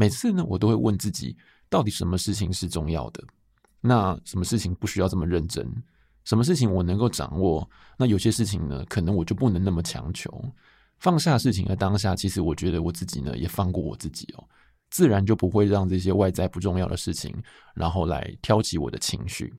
每次呢，我都會問自己，到底什麼事情是重要的？那什麼事情不需要這麼認真？什麼事情我能夠掌握？那有些事情呢，可能我就不能那麼強求，放下的事情的當下。其實我覺得我自己呢，也放過我自己哦，自然就不會讓這些外在不重要的事情，然後來挑起我的情緒。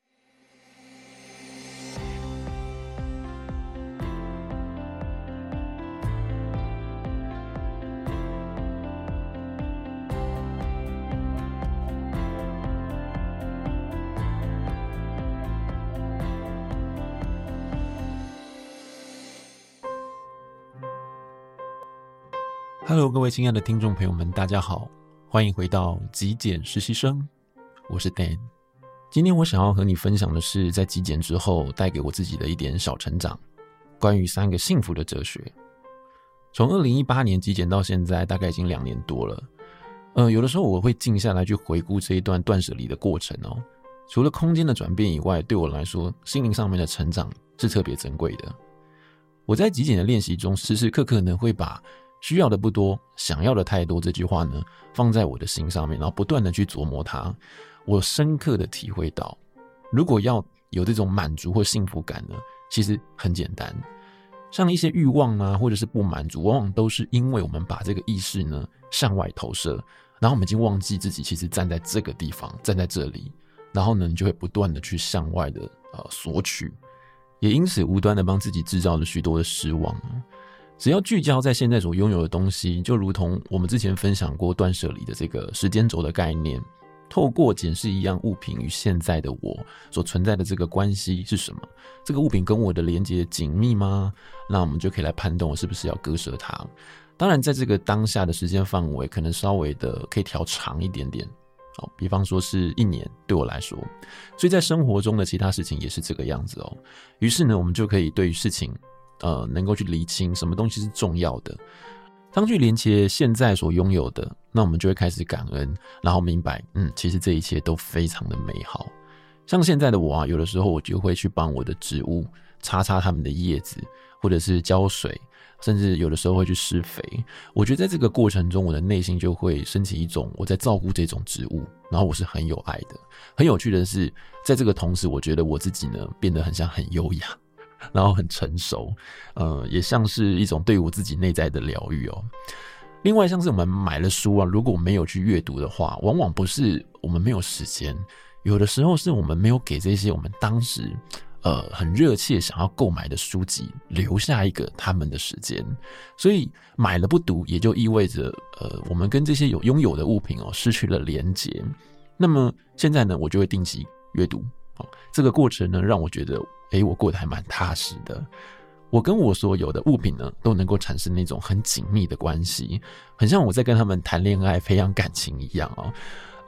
Hello，各位親愛的聽眾朋友們，大家好，歡迎回到極簡實習生，我是 Dan。今天我想要和你分享的是，在極簡之後帶給我自己的一點小成長，關於三個幸福的哲學。從二零一八年極簡到現在，大概已經兩年多了。呃，有的時候我會靜下來去回顧這一段斷捨離的過程哦。除了空間的轉變以外，對我來說，心靈上面的成長是特別珍貴的。我在極簡的練習中，時時刻刻呢會把。需要的不多，想要的太多。這句話呢，放在我的心上面，然後不斷的去琢磨它。我深刻的體會到，如果要有這種滿足或幸福感呢，其實很簡單。像一些慾望啊，或者是不滿足，往往都是因為我們把這個意識呢向外投射，然後我們已經忘記自己其實站在這個地方，站在這裡，然後呢你就會不斷的去向外的呃索取，也因此無端的幫自己製造了許多的失望。只要聚焦在現在所擁有的東西，就如同我們之前分享過斷捨離的這個時間軸的概念，透過檢視一樣物品與現在的我所存在的這個關係是什麼？這個物品跟我的連接緊密嗎？那我們就可以來判斷我是不是要割舍它。當然，在這個當下的時間範圍可能稍微的可以調長一點點，哦，比方說是一年，對我來說。所以在生活中的其他事情也是這個樣子哦。於是呢，我們就可以對於事情。呃，能夠去理清什麼東西是重要的。當去連接現在所擁有的，那我們就會開始感恩，然後明白，嗯，其實這一切都非常的美好。像現在的我啊，有的時候我就會去幫我的植物擦擦他們的葉子，或者是澆水，甚至有的時候會去施肥。我覺得在這個過程中，我的內心就會升起一種我在照顧這種植物，然後我是很有愛的。很有趣的是，在這個同時，我覺得我自己呢，變得很像很優雅。然後很成熟，呃，也像是一種對我自己內在的療癒哦。另外，像是我們買了書啊，如果沒有去閱讀的話，往往不是我們沒有時間，有的時候是我們沒有給這些我們當時呃很熱切想要購買的書籍留下一個他們的時間。所以買了不讀，也就意味着呃，我們跟這些有擁有的物品哦失去了連接。那麼現在呢，我就會定期閱讀。這個過程呢，讓我覺得，哎，我過得還蠻踏實的。我跟我所有的物品呢，都能夠產生那種很緊密的關係，很像我在跟他們談戀愛、培養感情一樣哦。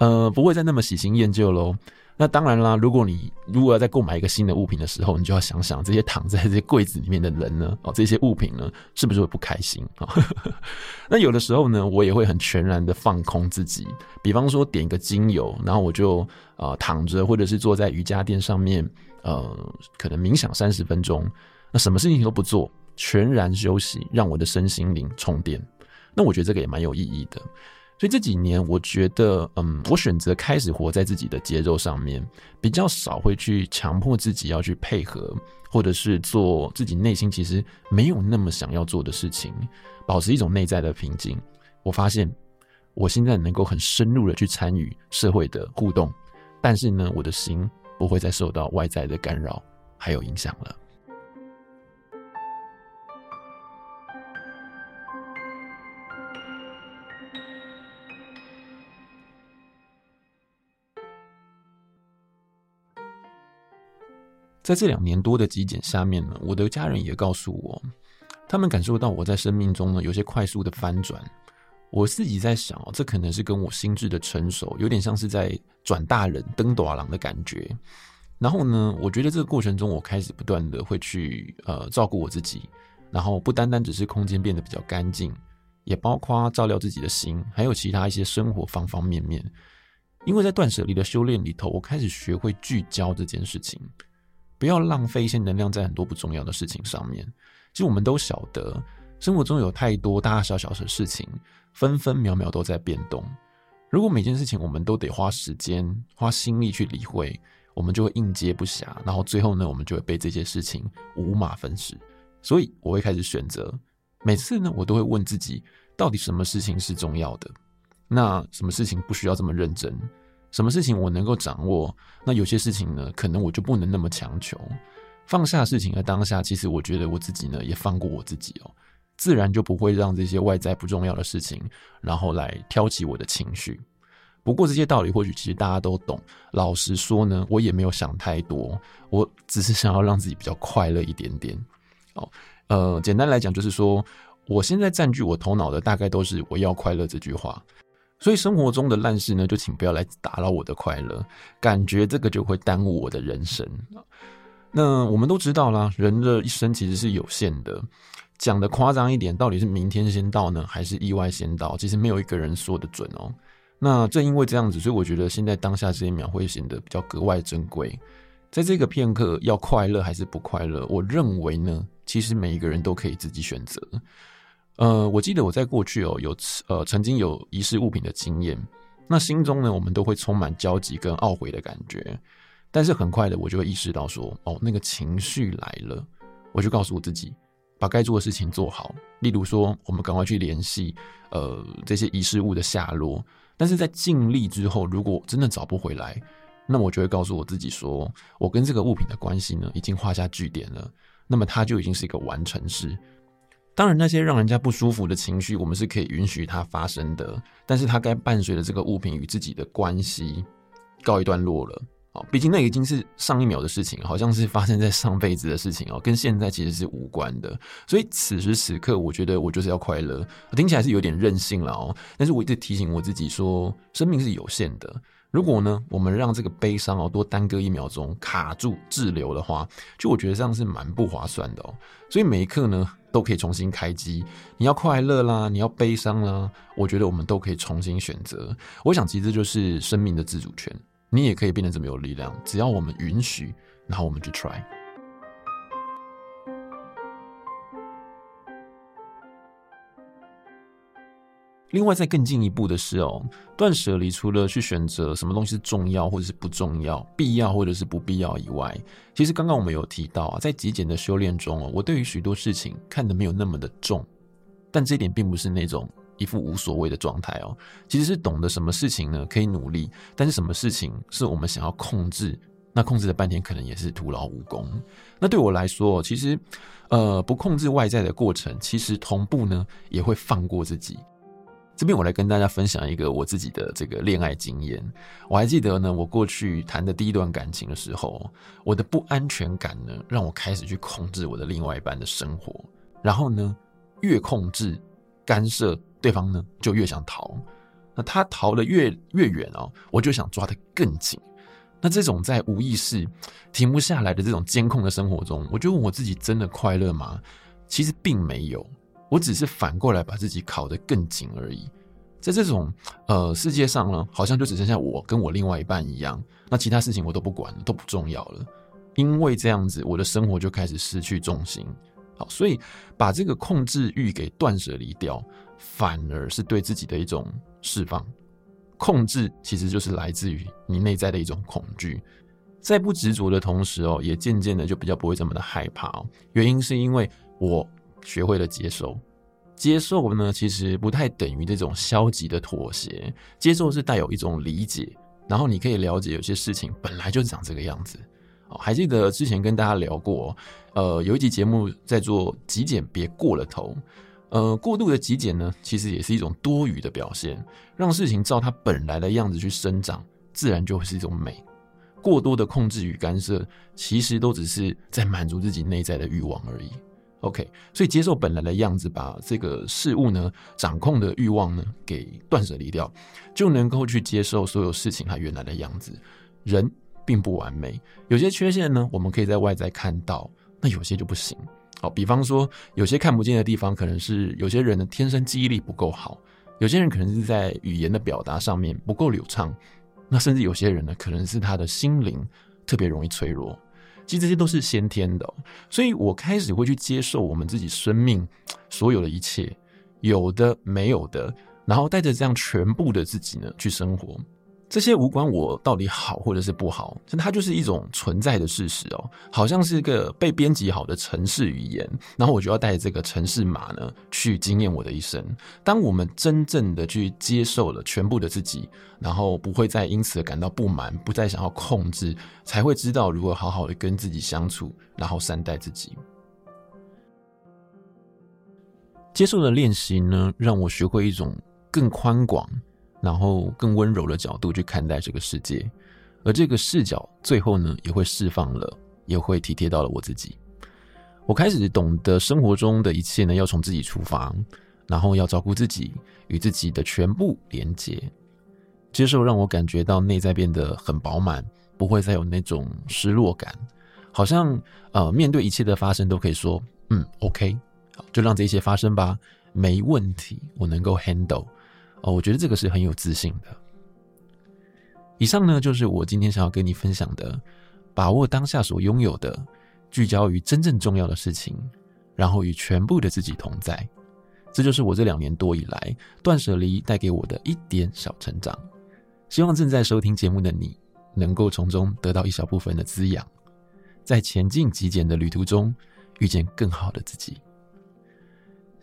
呃，不會再那麼喜新厭舊咯。那當然啦，如果你如果要再購買一個新的物品的時候，你就要想想這些躺在這些櫃子裡面的人呢，哦，這些物品呢，是不是會不開心、哦、 那有的時候呢，我也會很全然的放空自己，比方說，點一個精油，然後我就啊、呃、躺着，或者是坐在瑜伽墊上面，呃，可能冥想三十分鐘，那什麼事情都不做，全然休息，讓我的身心靈充電。那我覺得這個也蠻有意義的。所以這幾年，我覺得，嗯，我選擇開始活在自己的節奏上面，比較少會去強迫自己要去配合，或者是做自己內心其實沒有那麼想要做的事情，保持一種內在的平靜。我發現，我現在能夠很深入的去參與社會的互動，但是呢，我的心不會再受到外在的干擾還有影響了。在這兩年多的極簡下面呢，我的家人也告訴我，他們感受到我在生命中呢有些快速的翻轉。我自己在想哦，這可能是跟我心智的成熟有點像是在轉大人登大郎的感覺。然後呢，我覺得這個過程中，我開始不斷的會去呃照顧我自己，然後不單單只是空間變得比較乾淨，也包括照料自己的心，還有其他一些生活方方面面。因為在斷捨離的修煉裡頭，我開始學會聚焦這件事情。不要浪費一些能量在很多不重要的事情上面。其實我們都曉得，生活中有太多大大小小的事情，分分秒秒都在變動。如果每件事情我們都得花時間、花心力去理會，我們就會應接不暇，然後最後呢，我們就會被這些事情五馬分屍。所以我會開始選擇，每次呢，我都會問自己，到底什麼事情是重要的？那什麼事情不需要這麼認真？什麼事情我能夠掌握？那有些事情呢，可能我就不能那麼強求，放下事情的當下。其實我覺得我自己呢，也放過我自己哦，自然就不會讓這些外在不重要的事情，然後來挑起我的情緒。不過這些道理，或許其實大家都懂。老實說呢，我也沒有想太多，我只是想要讓自己比較快樂一點點。哦，呃，簡單來講，就是說我現在佔據我頭腦的，大概都是我要快樂這句話。所以生活中的爛事呢，就請不要來打擾我的快樂。感覺這個就會耽誤我的人生。那我們都知道啦，人的一生其實是有限的。講得誇張一點，到底是明天先到呢，還是意外先到？其實沒有一個人說得準哦。那正因為這樣子，所以我覺得現在當下這一秒會顯得比較格外珍貴。在這個片刻，要快樂還是不快樂？我認為呢，其實每一個人都可以自己選擇。呃，我記得我在過去哦，有呃曾經有遺失物品的經驗，那心中呢，我們都會充滿焦急跟懊悔的感覺。但是很快的，我就會意識到說，哦，那個情緒來了，我就告訴我自己，把該做的事情做好。例如說，我們趕快去聯繫，呃，這些遺失物的下落。但是在盡力之後，如果真的找不回來，那我就會告訴我自己說，我跟這個物品的關係呢，已經畫下句點了，那麼它就已經是一個完成式。當然，那些讓人家不舒服的情緒，我們是可以允許它發生的，但是它該伴隨着這個物品與自己的關係，告一段落了。畢竟那已經是上一秒的事情，好像是發生在上輩子的事情，跟現在其實是無關的。所以此時此刻，我覺得我就是要快樂。聽起來是有點任性了哦，但是我一直提醒我自己說，生命是有限的。如果呢，我們讓這個悲傷哦多耽擱一秒鐘，卡住滯留的話，就我覺得這樣是蠻不划算的哦。所以每一刻呢，都可以重新開機。你要快樂啦，你要悲傷啦，我覺得我們都可以重新選擇。我想其實就是生命的自主權，你也可以變得這麼有力量。只要我們允許，然後我們就 try。另外，再更進一步的是喔，斷捨離除了去選擇什麼東西是重要或者是不重要，必要或者是不必要以外，其實剛剛我們有提到啊，在極簡的修煉中喔，我對於許多事情看得沒有那麼的重，但這一點並不是那種一副無所謂的狀態哦，其實是懂得什麼事情呢可以努力，但是什麼事情是我們想要控制，那控制了半天可能也是徒勞無功。那對我來說喔，其實呃，不控制外在的過程，其實同步呢也會放過自己。這邊我來跟大家分享一個我自己的這個戀愛經驗。我還記得呢，我過去談的第一段感情的時候，我的不安全感呢，讓我開始去控制我的另外一半的生活。然後呢，越控制、干涉對方呢，就越想逃。那他逃得越越遠哦，我就想抓得更緊。那這種在無意識停不下來的這種監控的生活中，我就問我自己真的快樂嗎？其實並沒有。我只是反過來把自己考得更緊而已，在這種呃世界上呢，好像就只剩下我跟我另外一半一樣，那其他事情，我都不管了，都不重要了，因為這樣子，我的生活就開始失去重心。好，所以把這個控制欲給斷捨離掉，反而是對自己的一種釋放。控制其實就是來自於你內在的一種恐懼，在不執着的同時哦，也漸漸的就比較不會這麼的害怕哦。原因是因為我。學會了接受，接受呢，其實不太等於這種消極的妥協。接受是帶有一種理解，然後你可以了解有些事情本來就長這個樣子。哦，還記得之前跟大家聊過，呃，有一集節目在做極簡，別過了頭。呃，過度的極簡呢，其實也是一種多餘的表現。讓事情照它本來的樣子去生長，自然就會是一種美。過多的控制與干涉，其實都只是在滿足自己內在的欲望而已。OK，所以接受本來的樣子，把這個事物呢掌控的欲望呢給斷捨離掉，就能夠去接受所有事情它原來的樣子。人並不完美，有些缺陷呢，我們可以在外在看到，那有些就不行。好、哦，比方說有些看不見的地方，可能是有些人的天生記憶力不夠好，有些人可能是在語言的表達上面不夠流暢，那甚至有些人呢，可能是他的心靈特別容易脆弱。其實這些都是先天的哦，所以我開始會去接受我們自己生命所有的一切，有的沒有的，然後帶着這樣全部的自己呢，去生活。這些無關我到底好或者是不好，就它就是一種存在的事實哦，好像是一個被編輯好的程式語言，然後我就要帶這個程式碼呢去經驗我的一生。當我們真正的去接受了全部的自己，然後不會再因此感到不滿，不再想要控制，才會知道如何好好的跟自己相處，然後善待自己。接受的練習呢，讓我學會一種更寬廣。然後更溫柔的角度去看待這個世界，而這個視角最後呢，也會釋放了，也會體貼到了我自己。我開始懂得生活中的一切呢，要從自己出發，然後要照顧自己，與自己的全部連接。接受讓我感覺到內在變得很飽滿，不會再有那種失落感，好像呃，面對一切的發生，都可以說，嗯，OK，就讓這些發生吧，沒問題，我能夠 handle。哦，我覺得這個是很有自信的。以上呢，就是我今天想要跟你分享的：把握當下所擁有的，聚焦於真正重要的事情，然後與全部的自己同在。這就是我這兩年多以來斷捨離帶給我的一點小成長。希望正在收聽節目的你，能夠從中得到一小部分的滋養，在前進極簡的旅途中，遇見更好的自己。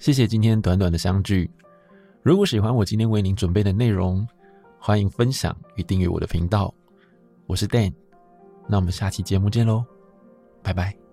謝謝今天短短的相聚。如果喜歡我今天為您準備的內容，歡迎分享與訂閱我的頻道。我是 Dan，那我們下期節目見嘍，拜拜。